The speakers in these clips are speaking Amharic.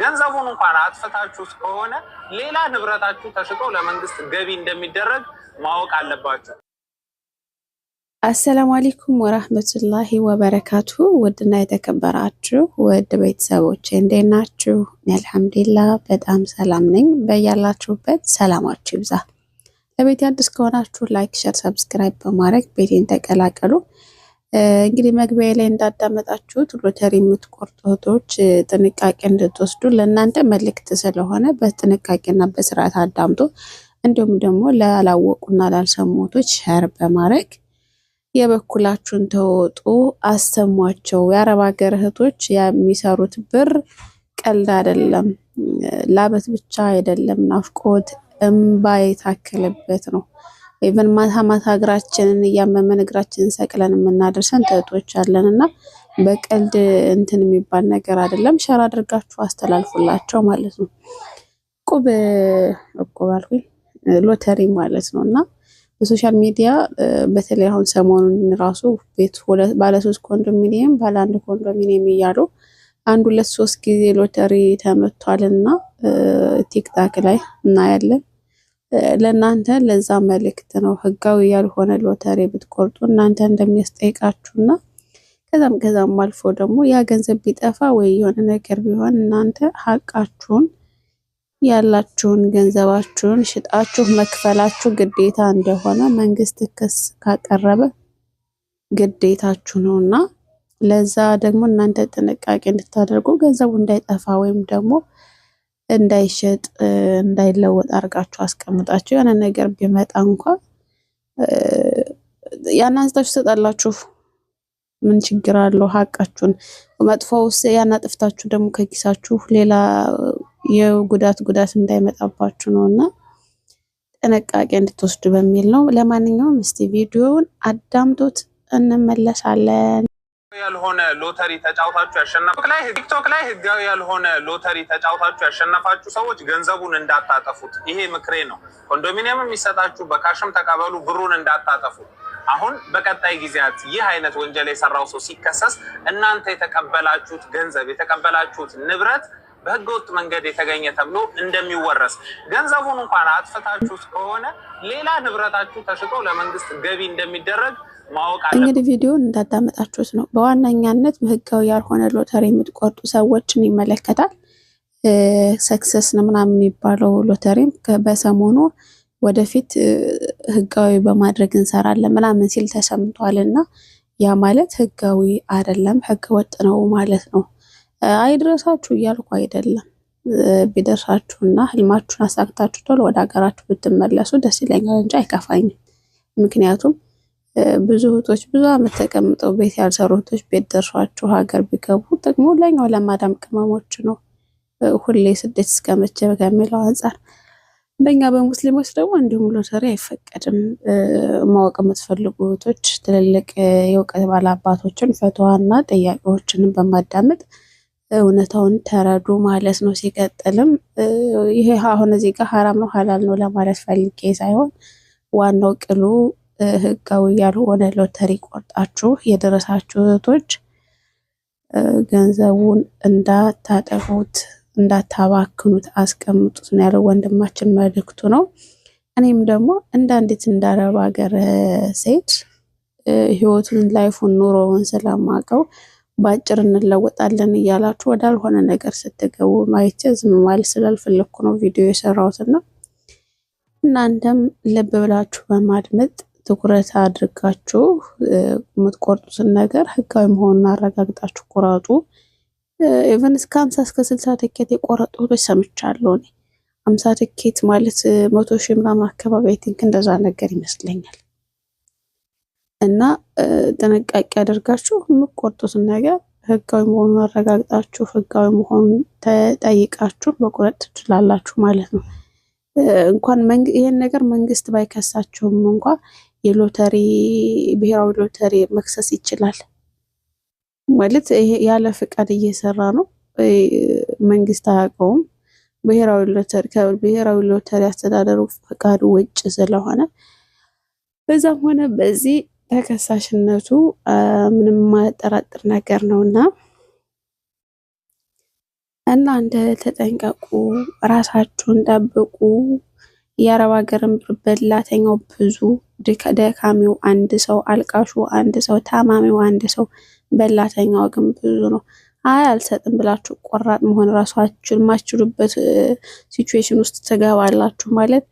ገንዘቡን እንኳን አጥፍታችሁት ከሆነ ሌላ ንብረታችሁ ተሽጦ ለመንግስት ገቢ እንደሚደረግ ማወቅ አለባችሁ። አሰላሙ አለይኩም ወራህመቱላሂ ወበረካቱ። ውድና የተከበራችሁ ውድ ቤተሰቦች እንዴት ናችሁ? አልሐምዱላ በጣም ሰላም ነኝ። በያላችሁበት ሰላማችሁ ይብዛ። ለቤት አዲስ ከሆናችሁ ላይክ፣ ሸር፣ ሰብስክራይብ በማድረግ ቤቴን ተቀላቀሉ። እንግዲህ መግቢያ ላይ እንዳዳመጣችሁት ሎተሪ የምትቆርጡ እህቶች ጥንቃቄ እንድትወስዱ ለእናንተ መልእክት ስለሆነ በጥንቃቄና በስርዓት አዳምጦ እንዲሁም ደግሞ ላላወቁና ላልሰሙ እህቶች ሸር በማድረግ የበኩላችሁን ተወጡ፣ አሰሟቸው። የአረብ ሀገር እህቶች የሚሰሩት ብር ቀልድ አይደለም። ላበት ብቻ አይደለም፣ ናፍቆት እምባ የታከለበት ነው። ኢቨን ማታ ማታ እግራችንን እያመመን እግራችንን ሰቅለን የምናደርሰን እህቶች አለን እና በቀልድ እንትን የሚባል ነገር አይደለም። ሸር አድርጋችሁ አስተላልፉላቸው ማለት ነው። ቁብ እቁብ አልኩኝ ሎተሪ ማለት ነው እና በሶሻል ሚዲያ በተለይ አሁን ሰሞኑን ራሱ ቤት ባለ ሶስት ኮንዶሚኒየም ባለ አንድ ኮንዶሚኒየም እያሉ አንድ ሁለት ሶስት ጊዜ ሎተሪ ተመቷል እና ቲክታክ ላይ እናያለን። ለእናንተ ለዛ መልእክት ነው። ህጋዊ ያልሆነ ሎተሪ ብትቆርጡ እናንተ እንደሚያስጠይቃችሁና ከዛም ከዛም አልፎ ደግሞ ያ ገንዘብ ቢጠፋ ወይ የሆነ ነገር ቢሆን እናንተ ሀቃችሁን ያላችሁን ገንዘባችሁን ሽጣችሁ መክፈላችሁ ግዴታ እንደሆነ መንግስት ክስ ካቀረበ ግዴታችሁ ነው እና ለዛ ደግሞ እናንተ ጥንቃቄ እንድታደርጉ ገንዘቡ እንዳይጠፋ ወይም ደግሞ እንዳይሸጥ እንዳይለወጥ አድርጋችሁ አስቀምጣችሁ የሆነ ነገር ቢመጣ እንኳ ያን አንስታችሁ ትሰጣላችሁ። ምን ችግር አለው? ሀቃችሁን ውስጥ ያን አጥፍታችሁ ደግሞ ከኪሳችሁ ሌላ የጉዳት ጉዳት እንዳይመጣባችሁ ነው እና ጥንቃቄ እንድትወስዱ በሚል ነው። ለማንኛውም እስቲ ቪዲዮውን አዳምጦት እንመለሳለን። ያልሆነ ሎተሪ ተጫውታችሁ ያሸናፋችሁ ላይ ቲክቶክ ላይ ህጋዊ ያልሆነ ሎተሪ ተጫውታችሁ ያሸነፋችሁ ሰዎች ገንዘቡን እንዳታጠፉት፣ ይሄ ምክሬ ነው። ኮንዶሚኒየም የሚሰጣችሁ በካሽም ተቀበሉ፣ ብሩን እንዳታጠፉት። አሁን በቀጣይ ጊዜያት ይህ አይነት ወንጀል የሰራው ሰው ሲከሰስ እናንተ የተቀበላችሁት ገንዘብ የተቀበላችሁት ንብረት በህገ ወጥ መንገድ የተገኘ ተብሎ እንደሚወረስ ገንዘቡን እንኳን አጥፍታችሁት ከሆነ ሌላ ንብረታችሁ ተሽጦ ለመንግስት ገቢ እንደሚደረግ እንግዲህ ቪዲዮን እንዳዳመጣችሁት ነው። በዋነኛነት በህጋዊ ያልሆነ ሎተሪ የምትቆርጡ ሰዎችን ይመለከታል። ሰክሰስ ነው ምናምን የሚባለው ሎተሪም በሰሞኑ ወደፊት ህጋዊ በማድረግ እንሰራለን ምናምን ሲል ተሰምቷል። እና ያ ማለት ህጋዊ አይደለም፣ ህገ ወጥ ነው ማለት ነው። አይድረሳችሁ እያልኩ አይደለም። ቢደርሳችሁና ህልማችሁን አሳክታችሁ ቶሎ ወደ ሀገራችሁ ብትመለሱ ደስ ይለኛል እንጂ አይከፋኝም። ምክንያቱም ብዙ እህቶች ብዙ ዓመት ተቀምጠው ቤት ያልሰሩ እህቶች ቤት ደርሷቸው ሀገር ቢገቡ ደግሞ ለኛው ለማዳም ቅመሞች ነው ሁሌ ስደት እስከመቼ ከሚለው አንጻር በእኛ በሙስሊሞች ደግሞ እንዲሁም ሎተሪ አይፈቀድም። ማወቅ የምትፈልጉ እህቶች ትልልቅ የእውቀት ባለአባቶችን ፈትዋና ጥያቄዎችንም በማዳመጥ እውነታውን ተረዱ ማለት ነው። ሲቀጥልም ይሄ አሁን እዚህ ጋር ሀራም ነው ሀላል ነው ለማለት ፈልጌ ሳይሆን ዋናው ቅሉ ህጋዊ ያልሆነ ሎተሪ ቆርጣችሁ የደረሳችሁ እህቶች ገንዘቡን እንዳታጠፉት፣ እንዳታባክኑት አስቀምጡት ነው ያለው ወንድማችን መልእክቱ ነው። እኔም ደግሞ እንዳንዲት እንዳረብ ሀገር ሴት ህይወቱን ላይፉን ኑሮውን ስለማቀው በአጭር እንለወጣለን እያላችሁ ወዳልሆነ ነገር ስትገቡ ማየት ዝም ማለት ስላልፈለግኩ ነው ቪዲዮ የሰራሁትና እናንተም ልብ ብላችሁ በማድመጥ ትኩረት አድርጋችሁ የምትቆርጡትን ነገር ህጋዊ መሆኑን አረጋግጣችሁ ቁረጡ። ኢቨን እስከ አምሳ እስከ ስልሳ ትኬት የቆረጡ እህቶች ሰምቻለሁ። እኔ ትኬት ማለት መቶ ሺ ምናምን አካባቢ አይቲንክ እንደዛ ነገር ይመስለኛል። እና ጥንቃቄ አድርጋችሁ የምትቆርጡትን ነገር ህጋዊ መሆኑን አረጋግጣችሁ ህጋዊ መሆኑን ተጠይቃችሁ መቁረጥ ትችላላችሁ ማለት ነው። እንኳን ይህን ነገር መንግስት ባይከሳችሁም እንኳ የሎተሪ ብሔራዊ ሎተሪ መክሰስ ይችላል ማለት ያለ ፍቃድ እየሰራ ነው። መንግስት አያውቀውም። ብሔራዊ ሎተሪ ከብሔራዊ ሎተሪ አስተዳደሩ ፍቃድ ውጭ ስለሆነ በዛም ሆነ በዚህ ተከሳሽነቱ ምንም የማያጠራጥር ነገር ነው እና እናንተ ተጠንቀቁ፣ ራሳችሁን ጠብቁ። የአረብ ሀገርም በላተኛው ብዙ፣ ደካሚው አንድ ሰው፣ አልቃሹ አንድ ሰው፣ ታማሚው አንድ ሰው፣ በላተኛው ግን ብዙ ነው። አይ አልሰጥም ብላችሁ ቆራጥ መሆን ራሳችሁን የማትችሉበት ሲቹዌሽን ውስጥ ትገባላችሁ ማለት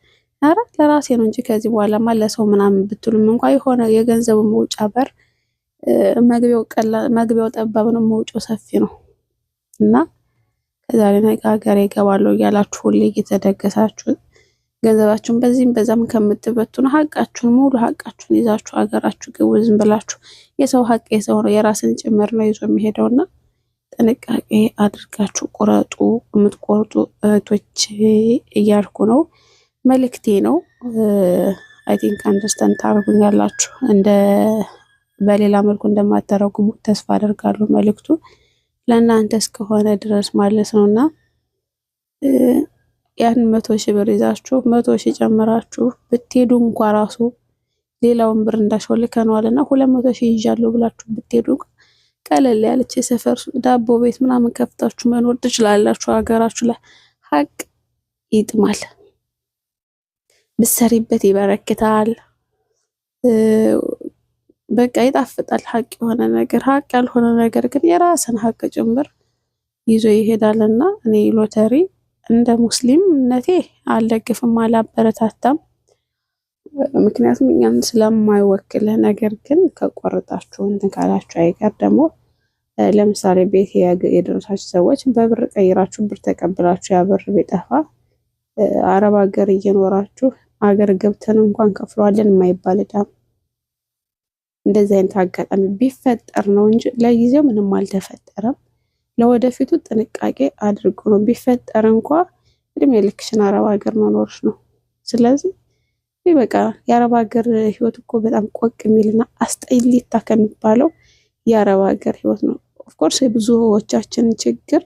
ኧረ ለራሴ ነው እንጂ ከዚህ በኋላማ ለሰው ምናምን ብትሉም እንኳ የሆነ የገንዘቡ መውጫ በር መግቢያው ጠባብ ነው፣ መውጫው ሰፊ ነው እና ከዛሬ ነገ ሀገር ይገባለሁ እያላችሁ ሁሌ እየተደገሳችሁ ገንዘባችሁን በዚህም በዛም ከምትበትኑ ሀቃችሁን ሙሉ ሀቃችሁን ይዛችሁ ሀገራችሁ ግቡ። ዝም ብላችሁ የሰው ሀቅ የሰው ነው የራስን ጭምር ነው ይዞ የሚሄደውና ጥንቃቄ አድርጋችሁ ቁረጡ። የምትቆርጡ እህቶች እያልኩ ነው፣ መልእክቴ ነው። አይ ቲንክ አንደርስታንድ ታደርጉኛላችሁ። እንደ በሌላ መልኩ እንደማተረጉሙ ተስፋ አደርጋለሁ። መልእክቱ ለእናንተ እስከሆነ ድረስ ማለት ነው እና ያን መቶ ሺ ብር ይዛችሁ መቶ ሺህ ጨምራችሁ ብትሄዱ እንኳ ራሱ ሌላውን ብር እንዳሸወልከነዋል እና ሁለት መቶ ሺህ ይዣለሁ ብላችሁ ብትሄዱ ቀለል ያለች የሰፈር ዳቦ ቤት ምናምን ከፍታችሁ መኖር ትችላላችሁ። ሀገራችሁ ላይ ሀቅ ይጥማል፣ ብሰሪበት ይበረክታል፣ በቃ ይጣፍጣል። ሀቅ የሆነ ነገር ሀቅ ያልሆነ ነገር ግን የራስን ሀቅ ጭምር ይዞ ይሄዳልና እኔ ሎተሪ እንደ ሙስሊምነቴ አልደግፍም፣ አላበረታታም። ምክንያቱም እኛም ስለማይወክል። ነገር ግን ከቆረጣችሁ እንትን ካላችሁ አይቀር ደግሞ ለምሳሌ ቤት የደረሳችሁ ሰዎች በብር ቀይራችሁ ብር ተቀብላችሁ ያ ብር ቢጠፋ አረብ ሀገር እየኖራችሁ አገር ገብተን እንኳን ከፍለዋለን የማይባል እንደዚህ አይነት አጋጣሚ ቢፈጠር ነው እንጂ ለጊዜው ምንም አልተፈጠረም። ለወደፊቱ ጥንቃቄ አድርጉ ነው። ቢፈጠር እንኳ እድሜ ልክሽን አረብ ሀገር መኖርሽ ነው። ስለዚህ ይህ በቃ የአረብ ሀገር ህይወት እኮ በጣም ቆቅ የሚልና አስጠሊታ ከሚባለው የአረብ ሀገር ህይወት ነው። ኦፍኮርስ የብዙዎቻችን ችግር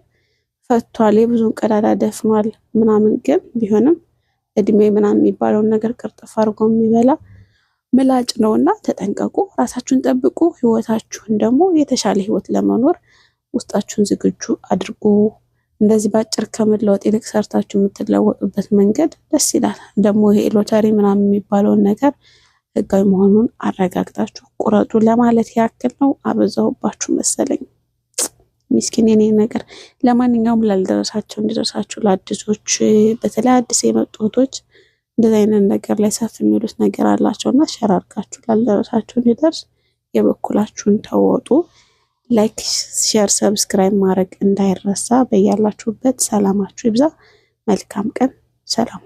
ፈቷል፣ የብዙን ቀዳዳ ደፍኗል ምናምን። ግን ቢሆንም እድሜ ምናምን የሚባለውን ነገር ቅርጥፍ አድርጎ የሚበላ ምላጭ ነውና ተጠንቀቁ፣ ራሳችሁን ጠብቁ፣ ህይወታችሁን ደግሞ የተሻለ ህይወት ለመኖር ውስጣችሁን ዝግጁ አድርጉ። እንደዚህ በአጭር ከመለወጥ ይልቅ ሰርታችሁ የምትለወጡበት መንገድ ደስ ይላል። ደግሞ ይሄ ሎተሪ ምናምን የሚባለውን ነገር ህጋዊ መሆኑን አረጋግጣችሁ ቁረጡ ለማለት ያክል ነው። አበዛሁባችሁ መሰለኝ ሚስኪን የኔ ነገር። ለማንኛውም ላልደረሳቸው እንዲደርሳችሁ፣ ለአዲሶች በተለይ አዲስ የመጡ እህቶች እንደዚህ አይነት ነገር ላይ ሰፍ የሚሉት ነገር እና ሸራርጋችሁ ላልደረሳቸው እንዲደርስ የበኩላችሁን ተወጡ። ላይክ፣ ሼር፣ ሰብስክራይብ ማድረግ እንዳይረሳ። በያላችሁበት ሰላማችሁ ይብዛ። መልካም ቀን። ሰላም